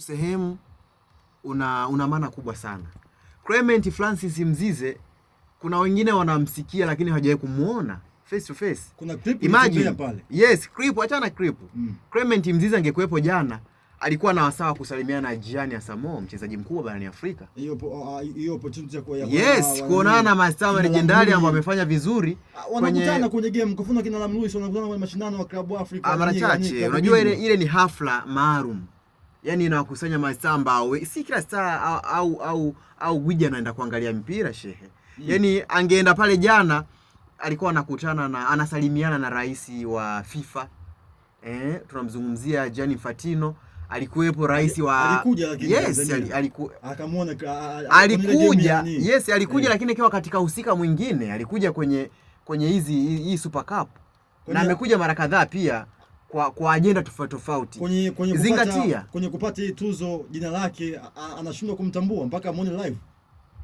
sehemu una, una maana kubwa sana. Clement Francis Mzize kuna wengine wanamsikia lakini hawajawahi kumuona face to face. Kuna clip imagine pale. Yes, clip achana clip. Mm. Clement Mzize angekuepo jana alikuwa na wasawa kusalimiana na Gianni Asamoah mchezaji mkubwa barani Afrika. Hiyo hiyo opportunity ya kuona. Yes, kuonana na mastaa wa legendary ambao wamefanya vizuri wanakutana kwenye game kufuna kina Lamluis wanakutana kwenye mashindano wa klabu Afrika. Ah, mara chache unajua ile ile ni hafla maalum. Mm yani inawakusanya masamba au si kila saa au au au gwiji anaenda kuangalia mpira shehe. Hmm. Yani angeenda pale jana alikuwa anakutana na anasalimiana na rais wa FIFA eh, tunamzungumzia Gianni Infantino alikuwepo rais wa alikuja lakini yes, akamwona alikuja yes alikuja, eh. lakini akiwa katika husika mwingine alikuja kwenye kwenye hizi hii Super Cup na amekuja mara kadhaa pia kwa, kwa ajenda tofauti tofauti. Kwenye, kwenye zingatia kwenye kupata hii tuzo jina lake anashindwa kumtambua mpaka muone live.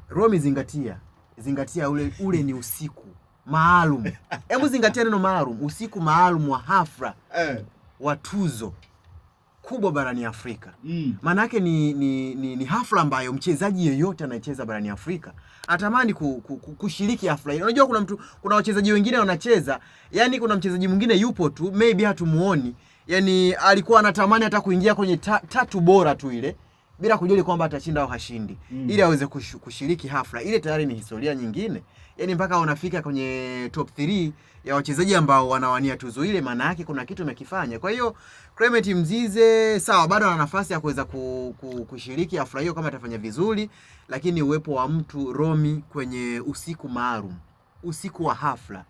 Romi, zingatia zingatia, ule ule ni usiku maalum. Hebu zingatia neno maalum, usiku maalum wa hafla eh. wa tuzo kubwa barani Afrika mm. Maanake ni, ni, ni, ni hafla ambayo mchezaji yeyote anayecheza barani Afrika atamani ku, ku, ku, kushiriki hafla hiyo. Unajua kuna mtu, kuna wachezaji wengine wanacheza, yani kuna mchezaji mwingine yupo tu maybe hatumuoni, yani alikuwa anatamani hata kuingia kwenye ta, tatu bora tu ile bila kujali kwamba atashinda au hashindi mm. ili aweze kushiriki hafla ile, tayari ni historia nyingine, yaani mpaka unafika kwenye top 3 ya wachezaji ambao wanawania tuzo ile, maana yake kuna kitu umekifanya. Kwa hiyo Clement Mzize sawa, bado ana nafasi ya kuweza ku, ku, kushiriki hafla hiyo kama atafanya vizuri, lakini uwepo wa mtu Romi kwenye usiku maalum, usiku wa hafla,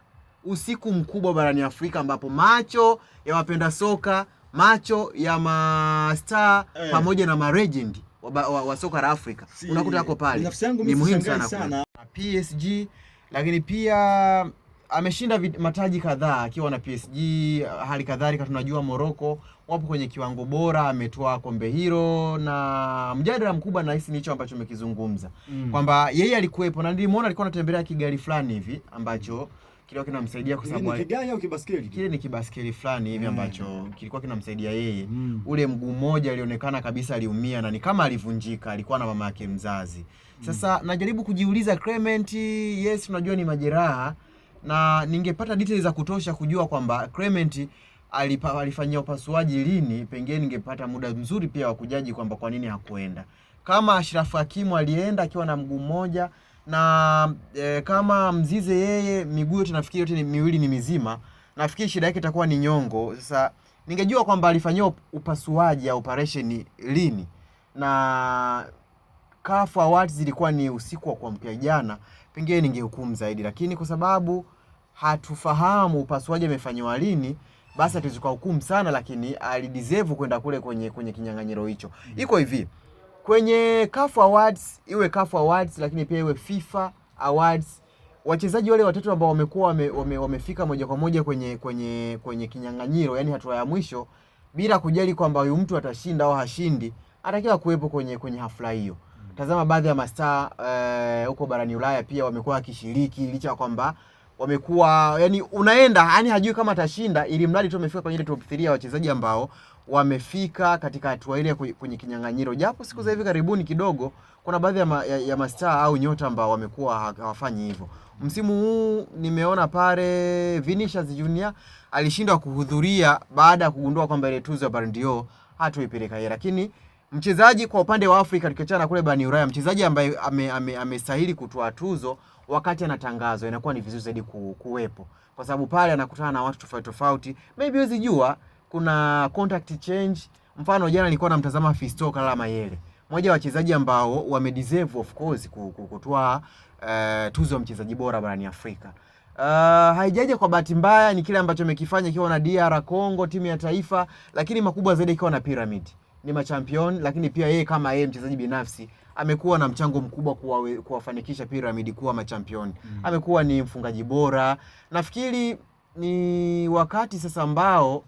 usiku mkubwa barani Afrika ambapo macho ya wapenda soka macho ya mastaa eh, pamoja na marejendi wa, wa, wa soka la Afrika si, unakuta yako pale. Ni muhimu sana, sana. PSG lakini pia ameshinda mataji kadhaa akiwa na PSG. Hali kadhalika tunajua Morocco wapo kwenye kiwango bora, ametoa kombe hilo, na mjadala mkubwa nahisi ni hicho ambacho umekizungumza mm, kwamba yeye alikuwepo na nilimwona alikuwa anatembelea kigari fulani hivi ambacho kilikuwa kinamsaidia kwa sababu ni kigani au kibaskeli, kile ni kibaskeli fulani hivi mm. ambacho kilikuwa kinamsaidia yeye mm. Ule mguu mmoja alionekana kabisa aliumia na ni kama alivunjika, alikuwa na mama yake mzazi. Mm. Sasa mm. najaribu kujiuliza Clement, yes, unajua ni majeraha na ningepata details za kutosha kujua kwamba Clement alipa, alifanyia upasuaji lini, pengine ningepata muda mzuri pia wa kujaji kwamba kwa nini hakuenda kama Ashraf Hakimu alienda akiwa na mguu mmoja na e, kama Mzize yeye miguu yote nafikiri yote ni miwili ni mizima, nafikiri shida yake itakuwa ni nyongo. Sasa ningejua kwamba alifanyiwa upasuaji au operation lini na CAF Awards zilikuwa ni usiku wa kuamkia jana, pengine ningehukumu zaidi, lakini kwa sababu hatufahamu upasuaji amefanywa lini, basi hatuwezi kuhukumu sana, lakini alideserve kwenda kule kwenye kwenye kinyang'anyiro hicho. Iko hivi kwenye CAF Awards, iwe CAF Awards lakini pia iwe FIFA Awards, wachezaji wale watatu ambao wamekuwa wame, wame, wamefika moja kwa moja kwenye kwenye kwenye kinyang'anyiro, yani hatua ya mwisho, bila kujali kwamba huyu mtu atashinda au hashindi, atakiwa kuwepo kwenye kwenye hafla hiyo. Tazama baadhi ya mastaa eh, huko uh, barani Ulaya pia wamekuwa wakishiriki licha ya kwamba wamekuwa yani, unaenda yani hajui kama atashinda, ili mradi tu amefika kwenye ile top 3 ya wachezaji ambao wamefika katika hatua ile kwenye kinyang'anyiro, japo siku za hivi karibuni kidogo kuna baadhi ya, ma, ya, ya mastaa au nyota ambao wamekuwa hawafanyi hivyo. Msimu huu nimeona pale Vinicius Junior alishindwa kuhudhuria baada ya kugundua kwamba ile tuzo ya Ballon d'Or hatuipeleka yeye, lakini mchezaji kwa upande wa Afrika tukiachana kule barani Ulaya, mchezaji ambaye amestahili ame, ame kutoa tuzo wakati anatangazwa, inakuwa ni vizuri zaidi ku, kuwepo, kwa sababu pale anakutana na watu tofauti tofauti, maybe wezi jua kuna contact change. Mfano jana nilikuwa namtazama Fiston Kalala Mayele, mmoja wa wachezaji ambao wamedeserve of course kutoa uh, tuzo ya mchezaji bora barani Afrika. Uh, eh, haijaje kwa bahati mbaya, ni kile ambacho amekifanya ikiwa na DR Congo, timu ya taifa, lakini makubwa zaidi ikiwa na Pyramid ni machampion, lakini pia yeye kama yeye mchezaji binafsi amekuwa na mchango mkubwa kuwafanikisha kuwa Pyramid kuwa machampion. Mm. Amekuwa ni mfungaji bora. Nafikiri ni wakati sasa ambao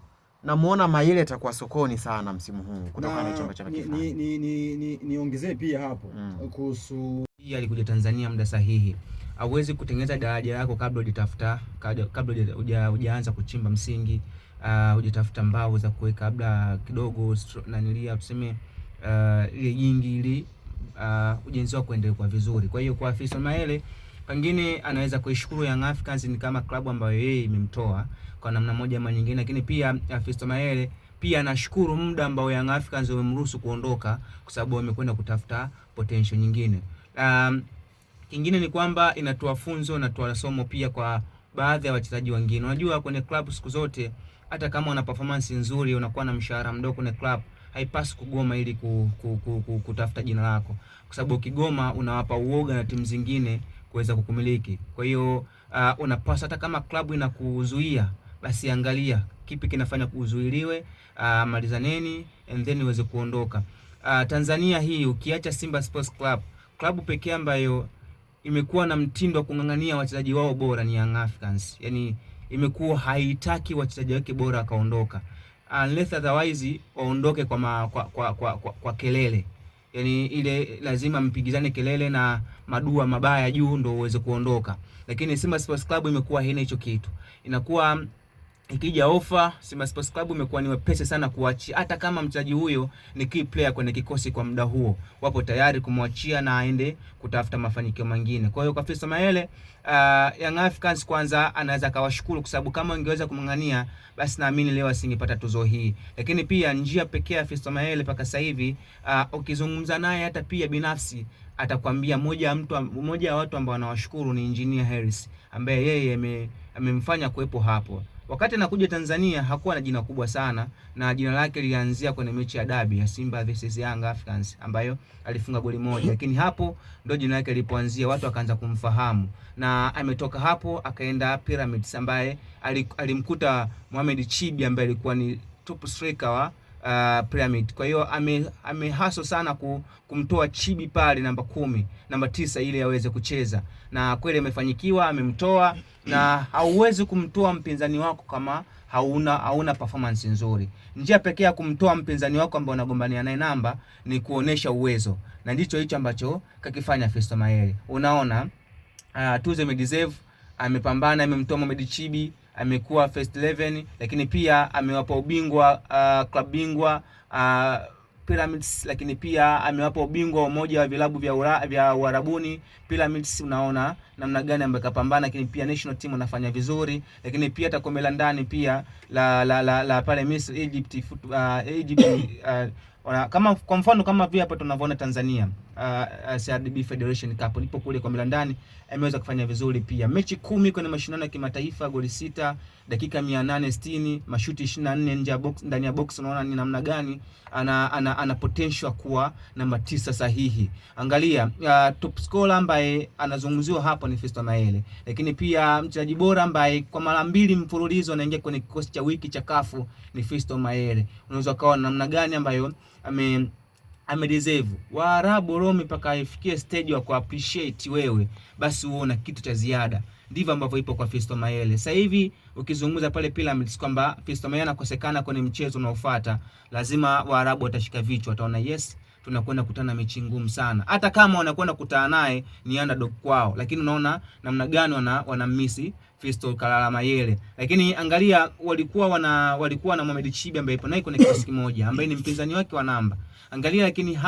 namuona Maile atakuwa sokoni sana msimu huu kutokana na chombo chake. Ni ni ni, ni pia hapo mm. kuhusu alikuja Tanzania muda sahihi. Hauwezi kutengeneza daraja lako kabla hujatafuta kabla hujaanza kuchimba msingi, ah, hujatafuta uh, mbao za kuweka labda kidogo nanilia tuseme ah, ile uh, jingi ili uh, ujenzi wako kwa vizuri. Kwa hiyo kwa afisa Maele pengine anaweza kuishukuru Young Africans ni kama klabu ambayo yeye imemtoa kwa namna moja ama nyingine, lakini pia eh, Festo Mayele pia anashukuru muda ambao Young Africans wamemruhusu kuondoka kwa sababu wamekwenda kutafuta potential nyingine. Um, kingine ni kwamba inatoa funzo na toa somo pia kwa baadhi ya wachezaji wengine. Unajua, kwenye club siku zote, hata kama una performance nzuri, unakuwa na mshahara mdogo kwenye club, haipaswi kugoma ili ku, ku, ku, ku, kutafuta jina lako, kwa sababu ukigoma unawapa uoga na timu zingine kuweza kukumiliki. Kwa hiyo uh, unapaswa hata kama klabu inakuzuia basi angalia kipi kinafanya kuzuiliwe, uh, malizaneni and then uweze kuondoka. Uh, Tanzania hii ukiacha Simba Sports Club, klabu pekee ambayo imekuwa na mtindo wa kung'ang'ania wachezaji wao bora ni Young Africans. Yaani imekuwa haitaki wachezaji wake bora akaondoka, unless otherwise waondoke kwa, kwa, kwa, kwa, kwa, kwa kelele yani ile lazima mpigizane kelele na madua mabaya juu ndo uweze kuondoka, lakini Simba Sports Club imekuwa haina hicho kitu, inakuwa ikija ofa Simba Sports Club imekuwa ni wepesi sana kuachia, hata kama mchezaji huyo ni key player kwenye kikosi kwa muda huo, wapo tayari kumwachia na aende kutafuta mafanikio mengine. Kwa hiyo kwa Fiston Mayele, uh, Young Africans kwanza anaweza akawashukuru kwa sababu kama ingeweza kumng'ania, basi naamini leo asingepata tuzo hii. Lakini pia njia pekee ya Fiston Mayele mpaka sasa hivi, uh, ukizungumza naye hata pia binafsi atakwambia moja ya mtu moja ya watu ambao anawashukuru ni Engineer Harris ambaye yeye amemfanya kuwepo hapo. Wakati anakuja Tanzania hakuwa na jina kubwa sana, na jina lake lilianzia kwenye mechi ya dabi ya Simba versus Young Africans ambayo alifunga goli moja, lakini hapo ndo jina lake lilipoanzia, watu akaanza kumfahamu, na ametoka hapo akaenda Pyramids ambaye alimkuta Mohamed Chibi ambaye alikuwa ni top striker wa uh, Pyramid. Kwa hiyo amehaso ame sana kumtoa Chibi pale namba kumi, namba tisa ili aweze kucheza, na kweli amefanyikiwa, amemtoa na hauwezi kumtoa mpinzani wako kama hauna hauna performance nzuri. Njia pekee ya kumtoa mpinzani wako ambaye unagombania naye namba ni kuonesha uwezo, na ndicho hicho ambacho kakifanya Festo Mayele. Unaona, uh, tuzo imedeserve, amepambana, amemtoa Mohamed Chibi amekuwa first 11 lakini pia amewapa ubingwa uh, klabu bingwa uh, Pyramids lakini pia amewapa ubingwa umoja wa vilabu vya ura, vya Uarabuni Pyramids. Unaona namna gani ambaye kapambana, lakini pia national team anafanya vizuri, lakini pia takombe la ndani pia la la la, la pale Misri Egypt uh, Egypt uh, kama kwa mfano kama vile hapa tunavyoona Tanzania uh, uh, CRDB Federation Cup lipo kule kwa Milandani, ameweza kufanya vizuri pia. Mechi kumi kwenye mashindano ya kimataifa, goli sita, dakika 860, mashuti 24 nje ya box, ndani ya box. Unaona ni namna gani ana, ana, ana potential kuwa namba tisa sahihi. Angalia uh, top scorer ambaye anazungumziwa hapo ni Festo Maele, lakini pia mchezaji bora ambaye kwa mara mbili mfululizo anaingia kwenye kikosi cha wiki cha kafu ni Festo Maele. Unaweza kuona namna gani ambayo ame amereserve Waarabu Rome mpaka ifikie stage wa kuappreciate wewe, basi uona kitu cha ziada. Ndivyo ambavyo ipo kwa Fiston Mayele sasa hivi. Ukizungumza pale Pyramids kwamba Fiston Mayele anakosekana kwenye mchezo unaofuata, lazima Waarabu watashika vichwa, wataona yes tunakwenda kukutana na mechi ngumu sana. Hata kama wanakwenda kukutana naye ni underdog kwao, lakini unaona namna gani wana wanammisi Fiston Kalala Mayele. Lakini angalia walikuwa wana walikuwa na Mohamed Chibi ambaye ipo naye kuna kikosi kimoja ambaye ni mpinzani wake wa namba. Angalia lakini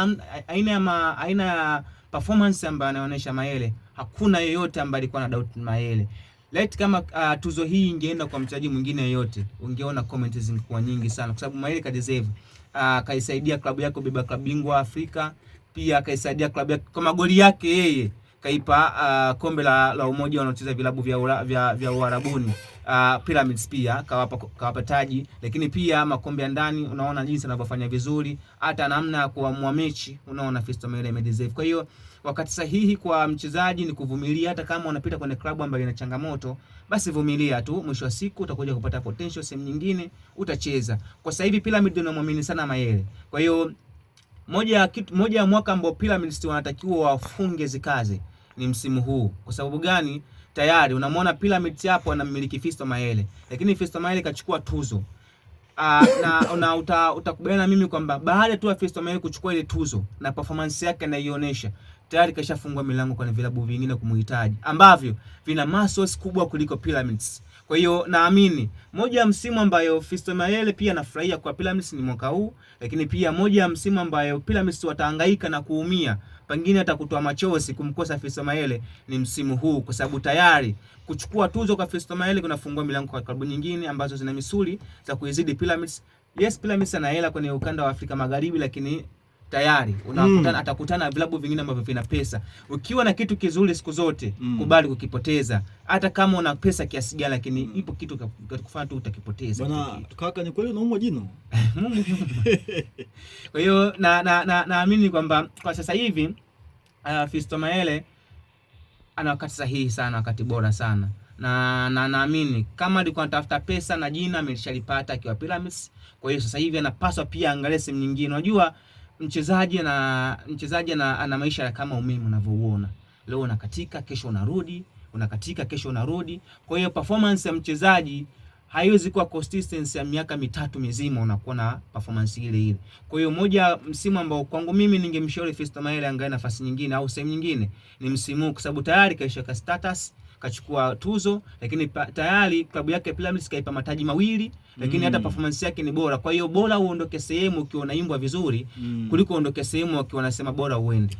aina ya aina ya performance ambayo anaonyesha Mayele, hakuna yeyote ambaye alikuwa na doubt Mayele. Let kama uh, tuzo hii ingeenda kwa mchezaji mwingine yeyote, ungeona comments zingekuwa nyingi sana kwa sababu Mayele ka deserve Ah, akaisaidia klabu yake kubeba klabu bingwa Afrika, pia akaisaidia klabu yake kwa magoli yake yeye kaipa uh, kombe la, la umoja wanaocheza vilabu vya, ula, vya, vya Uarabuni uh, Pyramids pia kawapa, kawapa taji, lakini pia makombe ya ndani unaona jinsi anavyofanya vizuri, hata namna ya kuamua mechi unaona Fiston Mayele amedeserve. Kwa hiyo wakati sahihi kwa mchezaji ni kuvumilia, hata kama unapita kwenye klabu ambayo ina changamoto, basi vumilia tu, mwisho wa siku utakuja kupata potential sehemu nyingine, utacheza. Kwa sasa hivi Pyramids ndio namwamini sana Mayele, kwa hiyo moja ya kitu, moja ya mwaka ambao Pyramids wanatakiwa wafunge zikazi ni msimu huu. Kwa sababu gani? Tayari unamwona Pyramids hapo anamiliki Fisto Maele, lakini Fisto Maele kachukua tuzo aa, ah, na, na utakubaliana mimi kwamba baada tu ya Maele kuchukua ile tuzo na performance yake anaionyesha, tayari kashafungua milango kwa vilabu vingine kumhitaji ambavyo vina masos kubwa kuliko Pyramids. Kwa hiyo naamini moja ya msimu ambayo Fiston Mayele pia anafurahia kwa Pyramids ni mwaka huu, lakini pia moja ya msimu ambayo Pyramids watahangaika na kuumia, pengine hata kutoa machozi kumkosa Fiston Mayele ni msimu huu, kwa sababu tayari kuchukua tuzo kwa Fiston Mayele kunafungua milango kwa klabu nyingine ambazo zina misuli za kuizidi Pyramids. Yes, Pyramids ana hela kwenye ukanda wa Afrika Magharibi, lakini tayari unakutana, mm. atakutana na vilabu vingine ambavyo vina pesa. Ukiwa na kitu kizuri siku zote mm. kubali kukipoteza, hata kama una pesa kiasi gani, lakini mm. ipo kitu kufanya tu utakipoteza. Bwana kaka, ni kweli unaumwa jino. Kwa hiyo na na na, naamini kwamba kwa sasa hivi uh, Fisto Maele ana wakati sahihi sana, wakati bora sana na na naamini kama alikuwa anatafuta pesa na jina amelishalipata akiwa Pyramids. Kwa hiyo sasa hivi anapaswa pia angalie sehemu nyingine, unajua mchezaji na mchezaji ana, ana maisha kama umeme unavyouona, leo unakatika, kesho unarudi, unakatika, kesho unarudi. Kwa hiyo performance ya mchezaji haiwezi kuwa consistency ya miaka mitatu mizima unakuwa na performance ile ile. Kwa hiyo moja msimu ambao kwangu mimi ningemshauri Fiston Mayele angae nafasi nyingine au sehemu nyingine ni msimu, kwa sababu tayari kaisha status kachukua tuzo, lakini pa, tayari klabu yake Pyramids kaipa mataji mawili, lakini mm. hata performance yake ni bora. Kwa hiyo bora uondoke sehemu ukiwa unaimbwa vizuri mm. kuliko uondoke sehemu wakiwa wanasema bora uende.